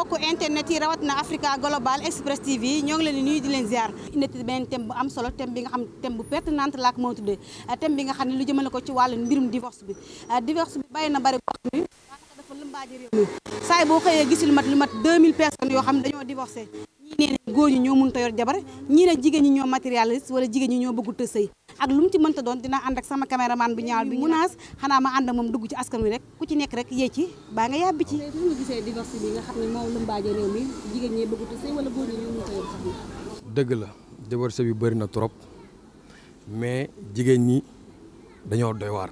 mbokku internet yi rawat na Africa Global Express TV ñoo ngi leen di nuyu di leen ziar indi beneen thème bu am solo thème bi nga xam thème bu pertinente la ak moo tuddee bi nga xam ne lu jëmale ko ci wàllu mbirum divorce bi divorce bi bàyyi na bari boo xam ni daanaka dafa saay boo xëyee gis lu mat lu mat 2000 personnes yoo xam ne dañoo divorcé nee na góor ñi ñoo mënta yor jabar ñi ne jigeen ñi ñoo materialiste wala jigeen ñi ñoo bëggu te sey ak lu mu ci ta doon dina and ak sama cameraman bi ñaal bi munaas xana ma and mom dugg ci askan wi rek ku ci nekk rek yee ci baa nga yàbbi ci bu nga gisee divorce bi nga xamni mo lu mbaaje rew mi jigeen ñi bëggu te sey wala góor ñi ñoo ta yor soxna deug la divorce bi bari na trop mais jigeen ñi dañoo doy war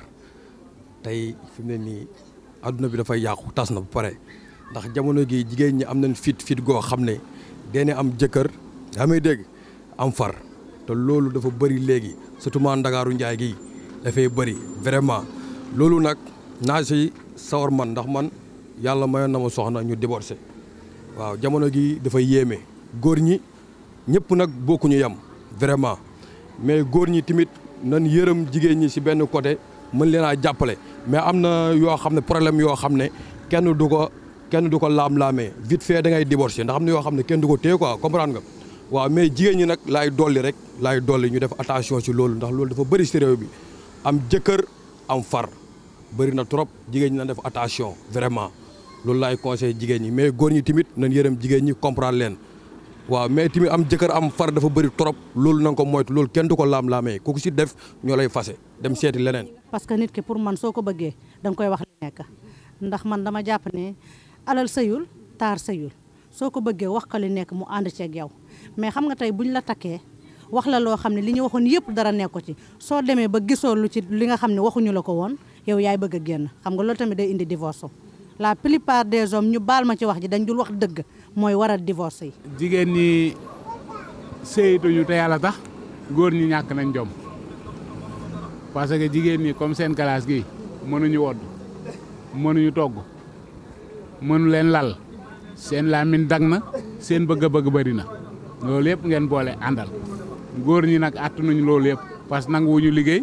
tay fi ne ni aduna bi dafay yàqu tas na bu pare ndax jamono gi jigeen ñi am nañ fit fit go xamne dee am jëkkër nga dégg am far te loolu dafa bëri léegi surtout maa ndagaaru njaay gi dafay bëri vraiment loolu nag naa si sawar man ndax man yàlla mayoon na ma soxna ñu divorcé waaw jamono gi dafa yéeme góor ñi ñëpp nag bokkuñu yem vraiment mais góor ñi tamit nan yërëm jigéen ñi si benn côté mën leen a jàppale mais am na yoo xam ne problème yoo xam ne kenn du ko kenn du ko laam-laamee vite fait da ngay ndax am na yoo xam ne kenn du ko téye quoi comprendre nga waaw mais jigéen ñi nag laay dolli rek laay dolli ñu def attention si loolu ndax loolu dafa bëri ci réew bi am jëkkër am far bëri na trop jigéen ñi na def attention vraiment loolu laay conseillé jigéen ñi mais góor ñi tamit nañ yërëm jigéen ñi comprendre leen waaw mais tamit am jëkkër am far dafa bëri trop loolu na ko moytu loolu kenn du ko laam-laamee ku ko def ñoo lay fase dem seeti leneen. parce que nit ki pour man soo ko bëggee da nga koy wax li alal sëyul taar sëyul soo ko bëggee wax ko li nekk mu ànd ceeg yow mais xam nga tey bu ñu la takkee wax la loo xam ne li ñu waxoon yëpp dara nekko ci soo demee ba gisoo lu ci li nga xam ne waxuñu la ko woon yow yaay bëgg a génn xam nga loolu tamit day indi divorce la plupart des hommes ñu baal ma ci wax ji dañ dul wax dëgg mooy waral divorce yi. jigéen ñi sëyituñu te yàlla tax góor ñi ñàkk nañ jom parce que jigéen ñi comme seen classe gi mënuñu wodd mënuñu togg. mënu len lal seen lamine dagna na seen bëgg-bëgg bari na lool yëpp ngeen boole andal góor ñi attu ñu lool yëpp parce nang wuñu liggéey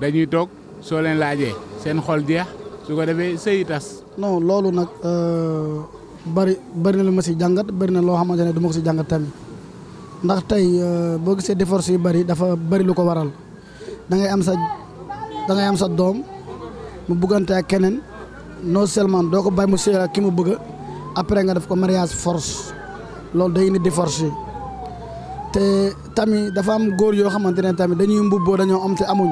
dañuy tok so len laaje seen xol jeex su ko defee sey tas. non loolu euh bari bari na lu ma ci jangat bari na lo xamantene duma ko si jangat tam ndax tay euh, bo gisee divorce yu bari dafa bari lu ko waral da ngay am sa da ngay am sa dom mu bugante ak kenen non seulement doo ko bàyyi mu sëy ki mu bëgg après nga def ko mariage force lool day ni divorce yi te tamit dafa am goor yo xamantene tammi tamit dañuy mbubboo dañoo am té amuñ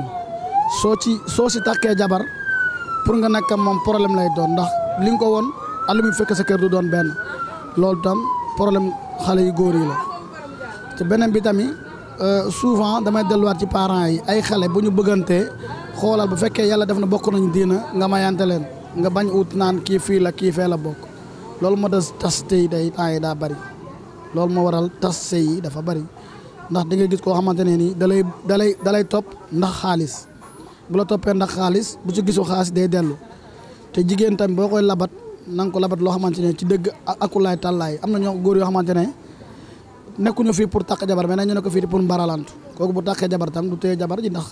so ci so ci jabar pour nga nak mom problème lay doon ndax li nga ko woon àll fekk sa kër du doon ben lool tam problème xalé yi goor yi la té benen bi euh souvent damay delluwaat ci parents yi ay xalé buñu bëggante xolal bu fekkee yalla def na bokku nañu diina nga mayante nga bañ out nan ki fi la ki fe la bok lol mo da tas sëy day tay da bari lol mo waral tas sey dafa bari ndax da nga gis ko xamantene ni dalay dalay dalay top ndax khalis bu la topé ndax khalis bu ci gisu khalis day delu te jigen tam bokoy labat nang ko labat lo xamantene ci deug akulaay tàllaay am na ñoo goor yo xamantene ne ñu fi pour tak jabar mais nañu ne fi pour mbaralant koku bu takke jabar tam du tey jabar ji ndax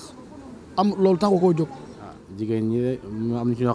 am lol taxu koo jóg. Ah, ñi am ñu ci ñoo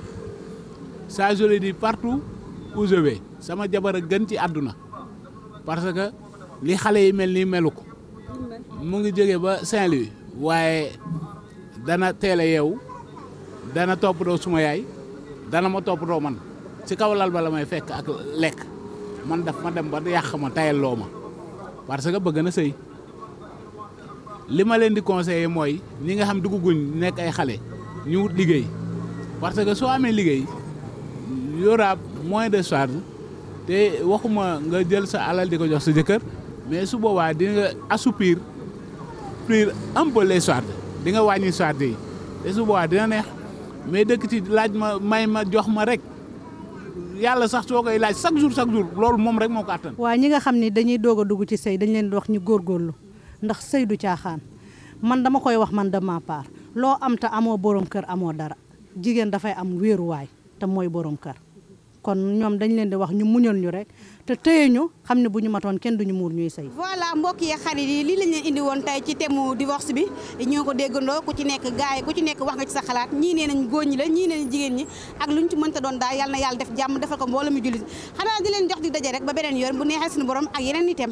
ça je le dis partout où sama jabar a gën ci àdduna parce que li xale yi mel nii melu ko mu ngi jóge ba saint waaye dana teel a yeewu dana topp doo suma yaay dana ma topp doo man ci kaw lal ba may fekk ak lekk man daf ma dem ba yàq ma tayal ma parce que bëgg na sëy li ma leen di conseiller mooy ñi nga xam dugguñ nekk ay xale ñu wut liggéey parce que soo amee liggéey. y aura moins de charge te waxuma nga jël sa alal di ko jox sa jëkkër mais su boobaa di nga assouplir plir les charges di nga wàññi charges yi te su boobaa dina neex mais dëkk laaj ma may ma jox ma rek yàlla sax soo koy laaj chaque jour chaque jour loolu moom rek moo ko attan. waaw ñi nga xam ni dañuy doog a dugg ci sëy dañ leen di wax ñu góorgóorlu ndax sëy du caaxaan man dama koy wax man dama ma loo am te amoo borom kër amoo dara jigéen dafay am wéeruwaay te mooy borom kër. kon ñoom dañu leen di wax ñu muñal ñu rek te téye ñu xam ne bu ñu matoon kenn du ñu muur ñuy say voilà mbokk yi xarit yi lii lañ leen indi woon tey ci temu divorce bi ñoo ko déggandoo ku ci nekk gars yi ku ci nekk wax nga ci sa xalaat ñii nee nañ góor ñi la ñii nee nañ jigéen ñi ak ñu ci mënta doon daal yàlla na yàlla def jàmm defal ko mbooloo mu jullit xanaa di leen jox di daje rek ba beneen yoon bu neexee suñu borom ak yeneen itam